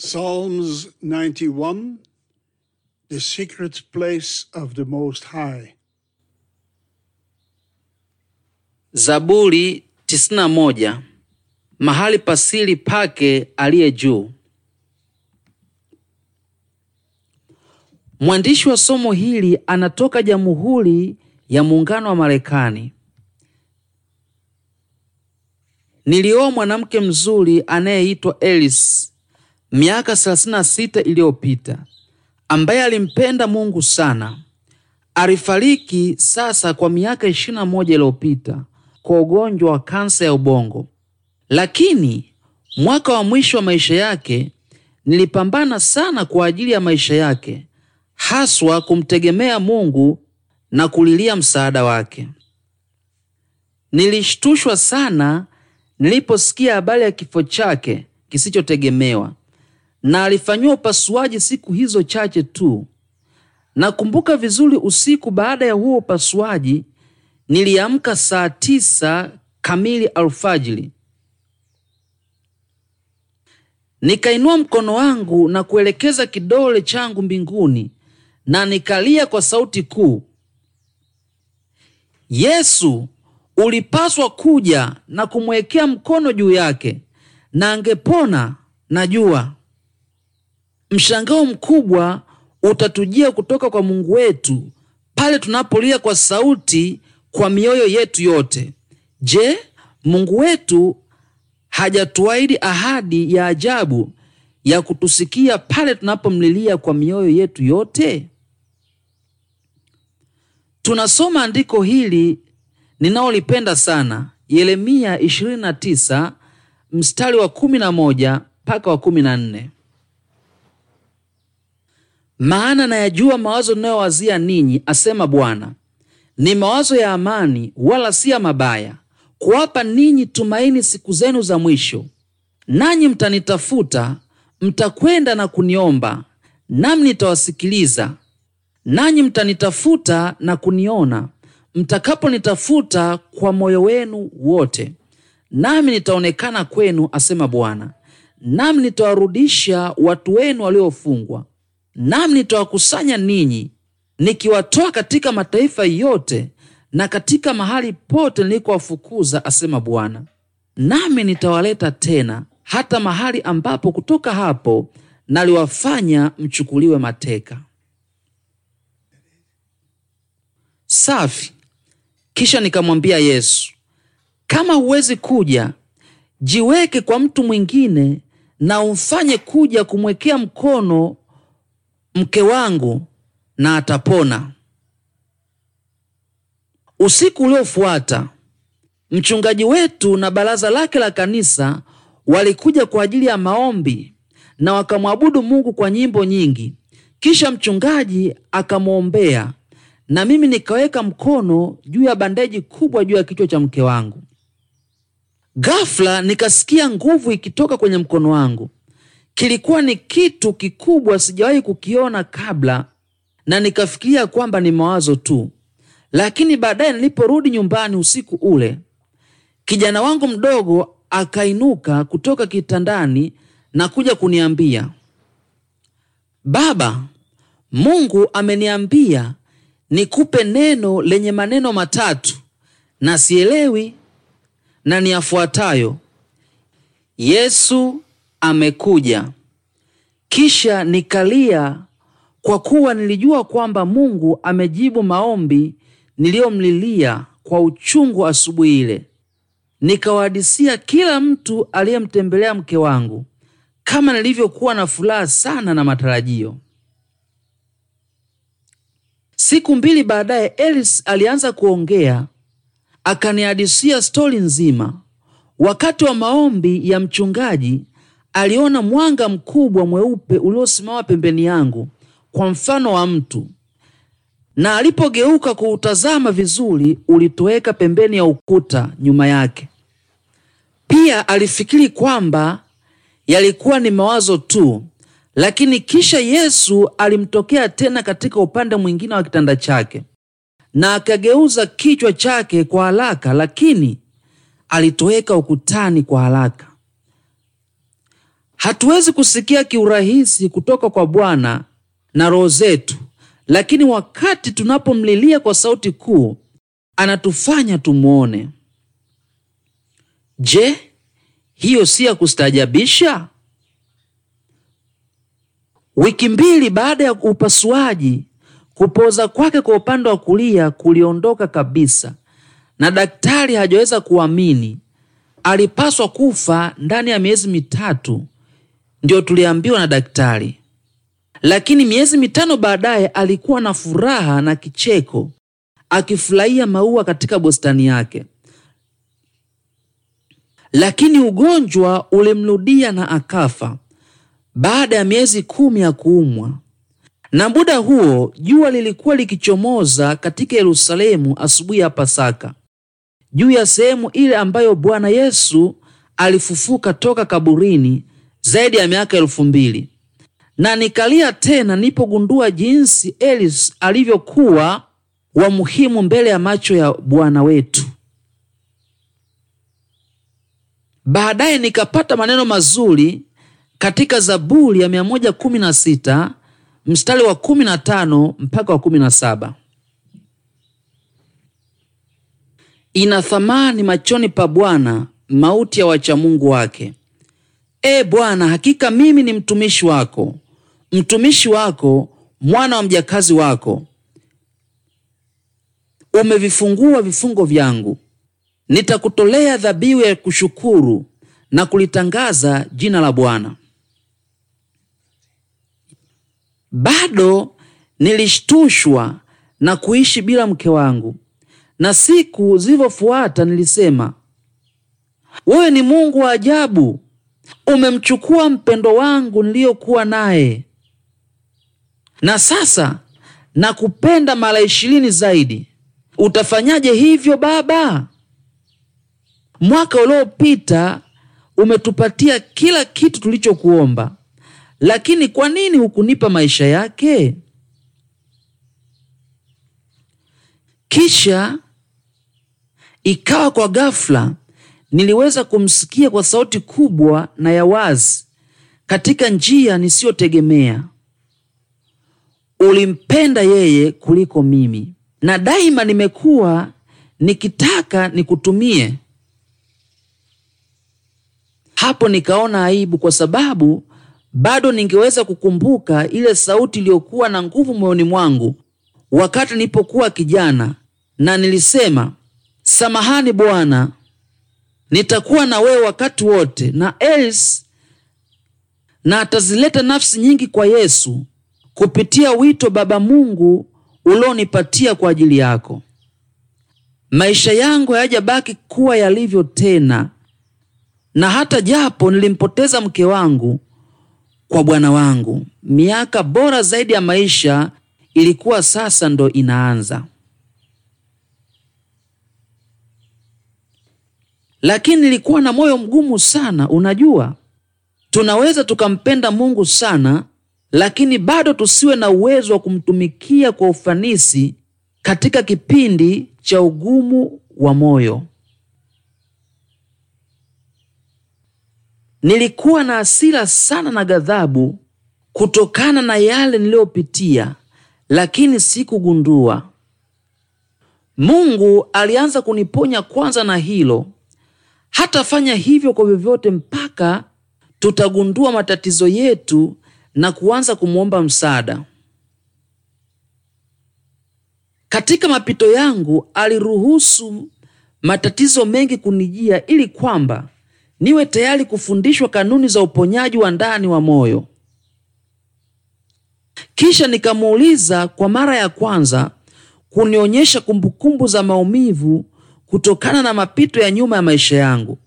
Psalms 91 The Secret Place of the Most High. Zaburi 91 Mahali pasili pake aliye juu. Mwandishi wa somo hili anatoka Jamhuri ya Muungano wa Marekani. Nilioa mwanamke mzuri anayeitwa Alice miaka 36 iliyopita, ambaye alimpenda Mungu sana, alifariki sasa kwa miaka 21 iliyopita kwa ugonjwa wa kansa ya ubongo. Lakini mwaka wa mwisho wa maisha yake nilipambana sana kwa ajili ya maisha yake, haswa kumtegemea Mungu na kulilia msaada wake. Nilishtushwa sana niliposikia habari ya kifo chake kisichotegemewa na alifanyiwa upasuaji siku hizo chache tu. Nakumbuka vizuri, usiku baada ya huo upasuaji niliamka saa tisa kamili alfajiri. Nikainua mkono wangu na kuelekeza kidole changu mbinguni na nikalia kwa sauti kuu, Yesu, ulipaswa kuja na kumwekea mkono juu yake na angepona, najua. Mshangao mkubwa utatujia kutoka kwa Mungu wetu pale tunapolia kwa sauti kwa mioyo yetu yote. Je, Mungu wetu hajatuahidi ahadi ya ajabu ya kutusikia pale tunapomlilia kwa mioyo yetu yote? Tunasoma andiko hili ninaolipenda sana, Yeremia 29 mstari wa 11 mpaka wa 14 maana nayajua mawazo ninayowazia ninyi, asema Bwana, ni mawazo ya amani, wala si ya mabaya, kuwapa ninyi tumaini siku zenu za mwisho. Nanyi mtanitafuta, mtakwenda na kuniomba, nami nitawasikiliza. Nanyi mtanitafuta na kuniona, mtakaponitafuta kwa moyo wenu wote, nami nitaonekana kwenu, asema Bwana. Nami nitawarudisha watu wenu waliofungwa nami nitawakusanya ninyi, nikiwatoa katika mataifa yote na katika mahali pote nilikowafukuza, asema Bwana. Nami nitawaleta tena hata mahali ambapo kutoka hapo naliwafanya mchukuliwe mateka. Safi. Kisha nikamwambia Yesu, kama huwezi kuja, jiweke kwa mtu mwingine na umfanye kuja kumwekea mkono mke wangu na atapona. Usiku uliofuata mchungaji wetu na baraza lake la kanisa walikuja kwa ajili ya maombi na wakamwabudu Mungu kwa nyimbo nyingi. Kisha mchungaji akamwombea na mimi nikaweka mkono juu ya bandeji kubwa juu ya kichwa cha mke wangu. Ghafla nikasikia nguvu ikitoka kwenye mkono wangu kilikuwa ni kitu kikubwa sijawahi kukiona kabla, na nikafikiria kwamba ni mawazo tu, lakini baadaye niliporudi nyumbani usiku ule, kijana wangu mdogo akainuka kutoka kitandani na kuja kuniambia, baba, Mungu ameniambia nikupe neno lenye maneno matatu na sielewi, na niyafuatayo Yesu amekuja. Kisha nikalia kwa kuwa nilijua kwamba Mungu amejibu maombi niliyomlilia kwa uchungu asubuhi ile. Nikawahadisia kila mtu aliyemtembelea mke wangu, kama nilivyokuwa na furaha sana na matarajio. Siku mbili baadaye, Elis alianza kuongea, akanihadisia stori nzima. Wakati wa maombi ya mchungaji aliona mwanga mkubwa mweupe uliosimama pembeni yangu kwa mfano wa mtu, na alipogeuka kuutazama vizuri, ulitoweka pembeni ya ukuta nyuma yake. Pia alifikiri kwamba yalikuwa ni mawazo tu, lakini kisha Yesu alimtokea tena katika upande mwingine wa kitanda chake na akageuza kichwa chake kwa haraka, lakini alitoweka ukutani kwa haraka. Hatuwezi kusikia kiurahisi kutoka kwa Bwana na roho zetu, lakini wakati tunapomlilia kwa sauti kuu, anatufanya tumwone. Je, hiyo si ya kustaajabisha? Wiki mbili baada ya upasuaji, kupoza kwake kwa upande wa kulia kuliondoka kabisa, na daktari hajaweza kuamini. Alipaswa kufa ndani ya miezi mitatu, ndio tuliambiwa na daktari. Lakini miezi mitano baadaye alikuwa na furaha na kicheko akifurahia maua katika bustani yake. Lakini ugonjwa ulimrudia na akafa baada ya miezi kumi ya kuumwa. Na muda huo jua lilikuwa likichomoza katika Yerusalemu asubuhi ya Pasaka, juu ya sehemu ile ambayo Bwana Yesu alifufuka toka kaburini zaidi ya miaka elfu mbili na nikalia tena nipogundua jinsi Elis alivyokuwa wa muhimu mbele ya macho ya Bwana wetu. Baadaye nikapata maneno mazuri katika Zaburi ya 116 mstari wa 15 mpaka wa 17. Ina thamani machoni pa Bwana mauti ya wachamungu wake E Bwana, hakika mimi ni mtumishi wako, mtumishi wako, mwana wa mjakazi wako. Umevifungua vifungo vyangu, nitakutolea dhabihu ya kushukuru na kulitangaza jina la Bwana. Bado nilishtushwa na kuishi bila mke wangu, na siku zilivyofuata nilisema, wewe ni Mungu wa ajabu umemchukua mpendo wangu niliyokuwa naye, na sasa nakupenda mara ishirini zaidi. Utafanyaje hivyo Baba? Mwaka uliopita umetupatia kila kitu tulichokuomba, lakini kwa nini hukunipa maisha yake? Kisha ikawa kwa ghafla niliweza kumsikia kwa sauti kubwa na ya wazi katika njia nisiyotegemea. Ulimpenda yeye kuliko mimi, na daima nimekuwa nikitaka nikutumie. Hapo nikaona aibu, kwa sababu bado ningeweza kukumbuka ile sauti iliyokuwa na nguvu moyoni mwangu wakati nilipokuwa kijana, na nilisema, samahani Bwana, nitakuwa na wewe wakati wote, na else na atazileta nafsi nyingi kwa Yesu kupitia wito Baba Mungu ulionipatia kwa ajili yako. Maisha yangu hayajabaki kuwa yalivyo tena, na hata japo nilimpoteza mke wangu kwa bwana wangu, miaka bora zaidi ya maisha ilikuwa sasa ndo inaanza. lakini nilikuwa na moyo mgumu sana. Unajua, tunaweza tukampenda Mungu sana, lakini bado tusiwe na uwezo wa kumtumikia kwa ufanisi katika kipindi cha ugumu wa moyo. Nilikuwa na hasira sana na ghadhabu kutokana na yale niliyopitia, lakini sikugundua. Mungu alianza kuniponya kwanza na hilo hatafanya hivyo kwa vyovyote mpaka tutagundua matatizo yetu na kuanza kumwomba msaada. Katika mapito yangu aliruhusu matatizo mengi kunijia ili kwamba niwe tayari kufundishwa kanuni za uponyaji wa ndani wa moyo. Kisha nikamuuliza kwa mara ya kwanza kunionyesha kumbukumbu za maumivu kutokana na mapito ya nyuma ya maisha yangu.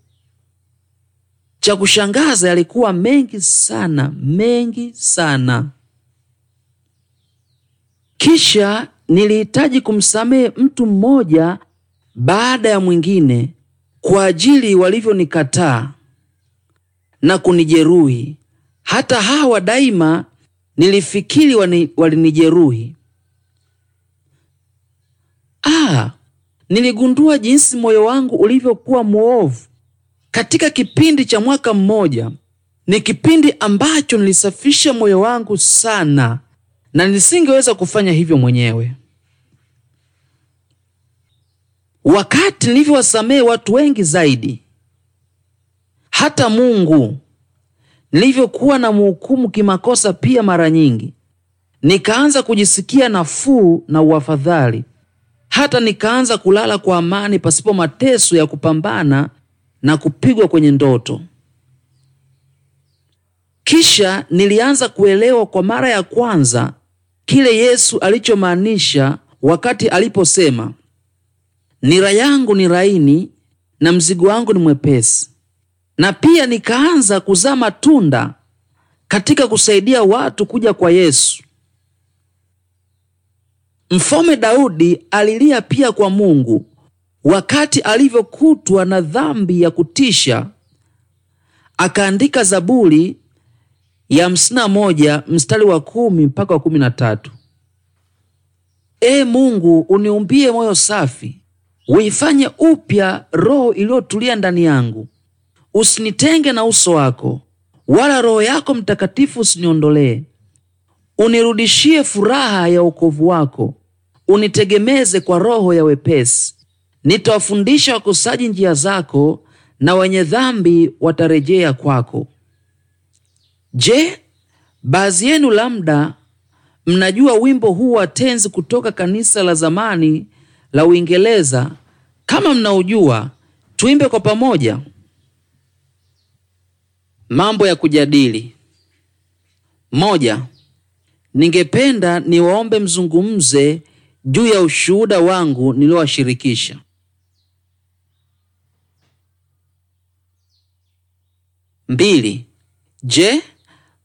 Cha kushangaza yalikuwa mengi sana, mengi sana. Kisha nilihitaji kumsamehe mtu mmoja baada ya mwingine kwa ajili walivyonikataa na kunijeruhi. Hata hawa daima nilifikiri walinijeruhi. Ah, niligundua jinsi moyo wangu ulivyokuwa mwovu. Katika kipindi cha mwaka mmoja, ni kipindi ambacho nilisafisha moyo wangu sana, na nisingeweza kufanya hivyo mwenyewe. Wakati nilivyowasamehe watu wengi zaidi, hata Mungu nilivyokuwa na muhukumu kimakosa pia, mara nyingi nikaanza kujisikia nafuu na uafadhali hata nikaanza kulala kwa amani pasipo mateso ya kupambana na kupigwa kwenye ndoto. Kisha nilianza kuelewa kwa mara ya kwanza kile Yesu alichomaanisha wakati aliposema, nira yangu ni laini na mzigo wangu ni mwepesi. Na pia nikaanza kuzaa matunda katika kusaidia watu kuja kwa Yesu. Mfalme Daudi alilia pia kwa Mungu wakati alivyokutwa na dhambi ya kutisha, akaandika Zaburi ya hamsini na moja mstari wa kumi mpaka wa kumi na tatu. Ee Mungu, uniumbie moyo safi, uifanye upya roho iliyotulia ndani yangu. Usinitenge na uso wako, wala Roho yako Mtakatifu usiniondolee. Unirudishie furaha ya wokovu wako, unitegemeze kwa roho ya wepesi. Nitawafundisha wakosaji njia zako, na wenye dhambi watarejea kwako. Je, baadhi yenu labda mnajua wimbo huu wa tenzi kutoka kanisa la zamani la Uingereza? Kama mnaujua, tuimbe kwa pamoja. Mambo ya kujadili. Moja, ningependa niwaombe mzungumze juu ya ushuhuda wangu niliowashirikisha. Mbili. Je,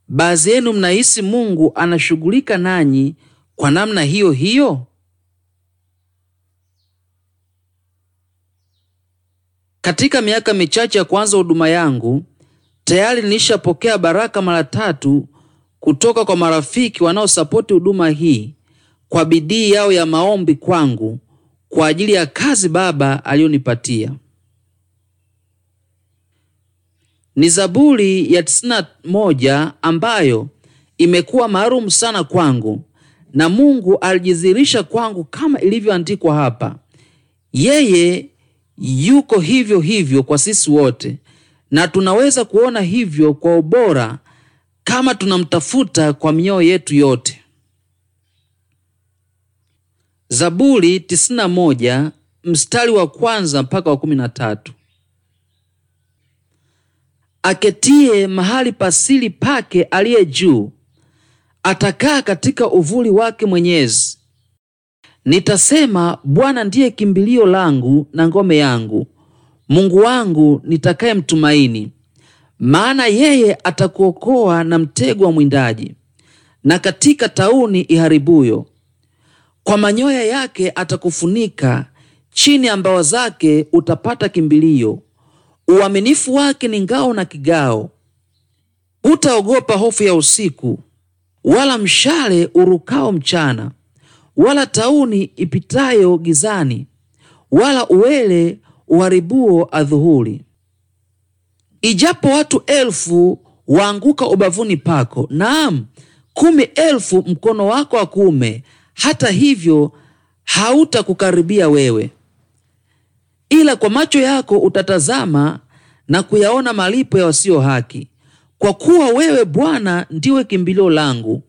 baadhi yenu mnahisi Mungu anashughulika nanyi kwa namna hiyo hiyo? Katika miaka michache ya kuanza huduma yangu tayari nilishapokea baraka mara tatu kutoka kwa marafiki wanaosapoti huduma hii kwa bidii yao ya maombi kwangu kwa ajili ya kazi Baba aliyonipatia. Ni Zaburi ya 91 ambayo imekuwa maalum sana kwangu, na Mungu alijidhihirisha kwangu kama ilivyoandikwa hapa. Yeye yuko hivyo hivyo kwa sisi wote, na tunaweza kuona hivyo kwa ubora kama tunamtafuta kwa mioyo yetu yote. Zaburi 91 mstari wa kwanza mpaka wa kumi na tatu. Aketie mahali pasili pake aliye juu atakaa katika uvuli wake Mwenyezi. Nitasema, Bwana ndiye kimbilio langu na ngome yangu, Mungu wangu nitakaye mtumaini Maana yeye atakuokoa na mtego wa mwindaji na katika tauni iharibuyo kwa manyoya yake atakufunika, chini ya mbawa zake utapata kimbilio. Uaminifu wake ni ngao na kigao. Hutaogopa hofu ya usiku, wala mshale urukao mchana, wala tauni ipitayo gizani, wala uwele uharibuo adhuhuri. Ijapo watu elfu waanguka ubavuni pako, naam, kumi elfu mkono wako wa kuume, hata hivyo hautakukaribia wewe, ila kwa macho yako utatazama na kuyaona malipo ya wasio haki. Kwa kuwa wewe Bwana ndiwe kimbilio langu,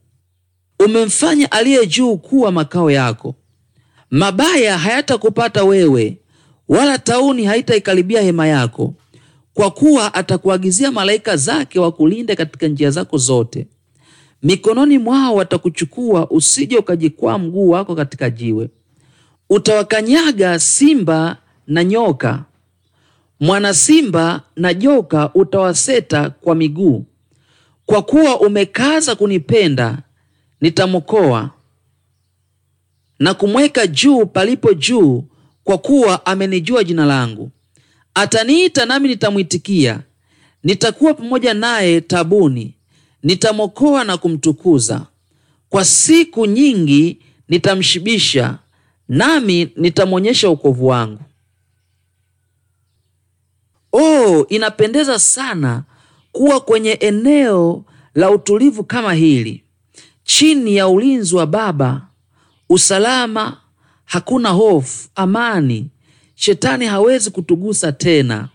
umemfanya aliye juu kuwa makao yako. Mabaya hayatakupata wewe, wala tauni haitaikaribia hema yako, kwa kuwa atakuagizia malaika zake wakulinde katika njia zako zote mikononi mwao watakuchukua, usije ukajikwaa mguu wako katika jiwe. Utawakanyaga simba na nyoka, mwana simba na joka utawaseta kwa miguu. Kwa kuwa umekaza kunipenda, nitamokoa na kumweka juu palipo juu, kwa kuwa amenijua jina langu. Ataniita nami nitamwitikia, nitakuwa pamoja naye tabuni nitamwokoa na kumtukuza. Kwa siku nyingi nitamshibisha, nami nitamwonyesha ukovu wangu. Oh, inapendeza sana kuwa kwenye eneo la utulivu kama hili, chini ya ulinzi wa Baba. Usalama, hakuna hofu, amani. Shetani hawezi kutugusa tena.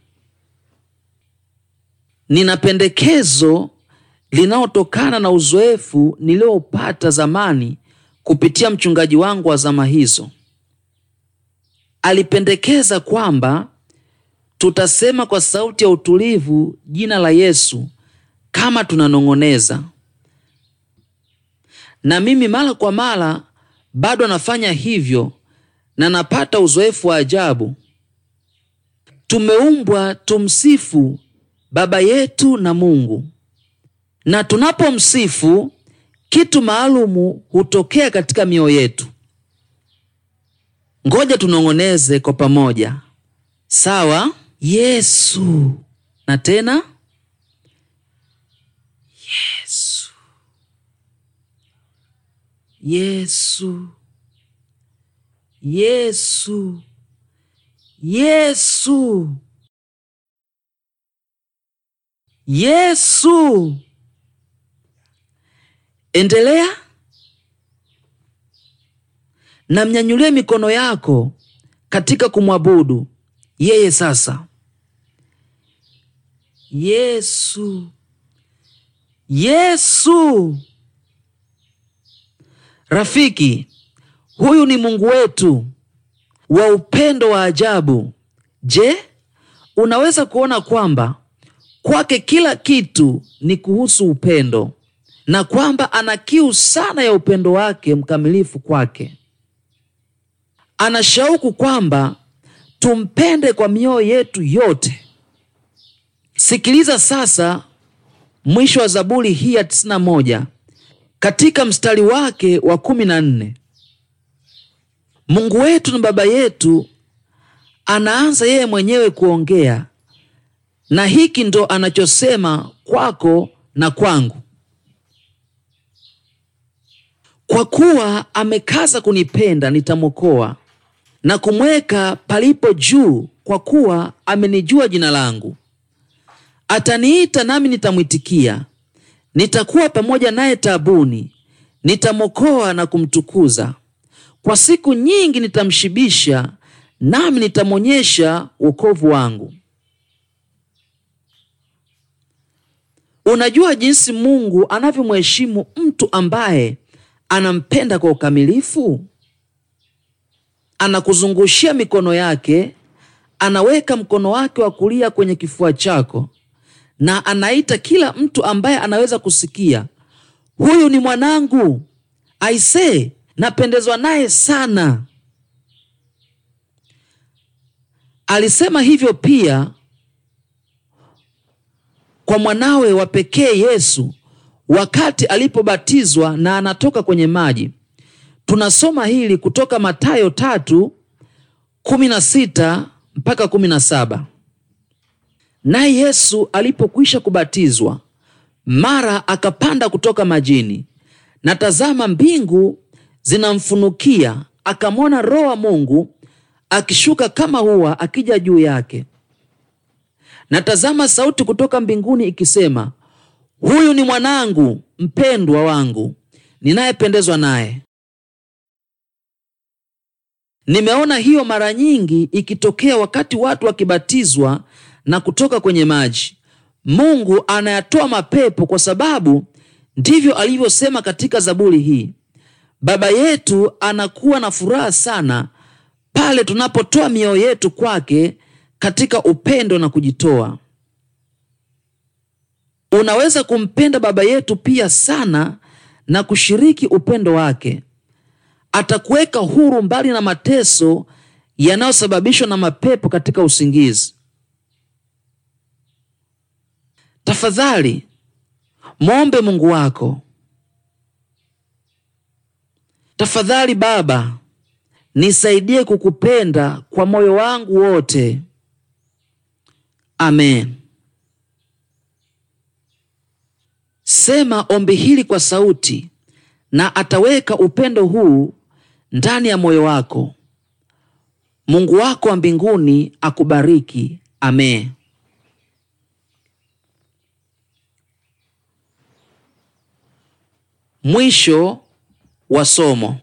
Nina pendekezo linaotokana na uzoefu niliyopata zamani kupitia mchungaji wangu wa zama hizo. Alipendekeza kwamba tutasema kwa sauti ya utulivu jina la Yesu kama tunanong'oneza, na mimi mara kwa mara bado nafanya hivyo na napata uzoefu wa ajabu. Tumeumbwa tumsifu Baba yetu na Mungu na tunapomsifu kitu maalumu hutokea katika mioyo yetu. Ngoja tunong'oneze kwa pamoja, sawa? Yesu na tena Yesu, Yesu, Yesu, Yesu, Yesu. Endelea na mnyanyulie mikono yako katika kumwabudu yeye. Sasa Yesu, Yesu rafiki, huyu ni Mungu wetu wa upendo wa ajabu. Je, unaweza kuona kwamba kwake kila kitu ni kuhusu upendo? na kwamba ana kiu sana ya upendo wake mkamilifu kwake. Ana shauku kwamba tumpende kwa mioyo yetu yote. Sikiliza sasa mwisho wa Zaburi hii ya moja katika mstari wake wa nne Mungu wetu na Baba yetu anaanza yeye mwenyewe kuongea, na hiki ndo anachosema kwako na kwangu kwa kuwa amekaza kunipenda nitamwokoa na kumweka palipo juu, kwa kuwa amenijua jina langu. Ataniita nami nitamwitikia, nitakuwa pamoja naye taabuni, nitamwokoa na kumtukuza. Kwa siku nyingi nitamshibisha, nami nitamwonyesha wokovu wangu. Unajua jinsi Mungu anavyomheshimu mtu ambaye anampenda kwa ukamilifu, anakuzungushia mikono yake, anaweka mkono wake wa kulia kwenye kifua chako, na anaita kila mtu ambaye anaweza kusikia, huyu ni mwanangu, aisee, napendezwa naye sana. Alisema hivyo pia kwa mwanawe wa pekee Yesu wakati alipobatizwa na anatoka kwenye maji. Tunasoma hili kutoka matayo tatu kumi na sita mpaka kumi na saba. Naye Yesu alipokwisha kubatizwa, mara akapanda kutoka majini, na tazama, mbingu zinamfunukia, akamwona Roho wa Mungu akishuka kama huwa akija juu yake. Na tazama, sauti kutoka mbinguni ikisema huyu ni mwanangu mpendwa wangu ninayependezwa naye. Nimeona hiyo mara nyingi ikitokea wakati watu wakibatizwa na kutoka kwenye maji. Mungu anayatoa mapepo kwa sababu ndivyo alivyosema katika Zaburi hii. Baba yetu anakuwa na furaha sana pale tunapotoa mioyo yetu kwake katika upendo na kujitoa. Unaweza kumpenda Baba yetu pia sana na kushiriki upendo wake. Atakuweka huru mbali na mateso yanayosababishwa na mapepo katika usingizi. Tafadhali mwombe Mungu wako. Tafadhali Baba, nisaidie kukupenda kwa moyo wangu wote. Amen. Sema ombi hili kwa sauti, na ataweka upendo huu ndani ya moyo wako. Mungu wako wa mbinguni akubariki. Amen. Mwisho wa somo.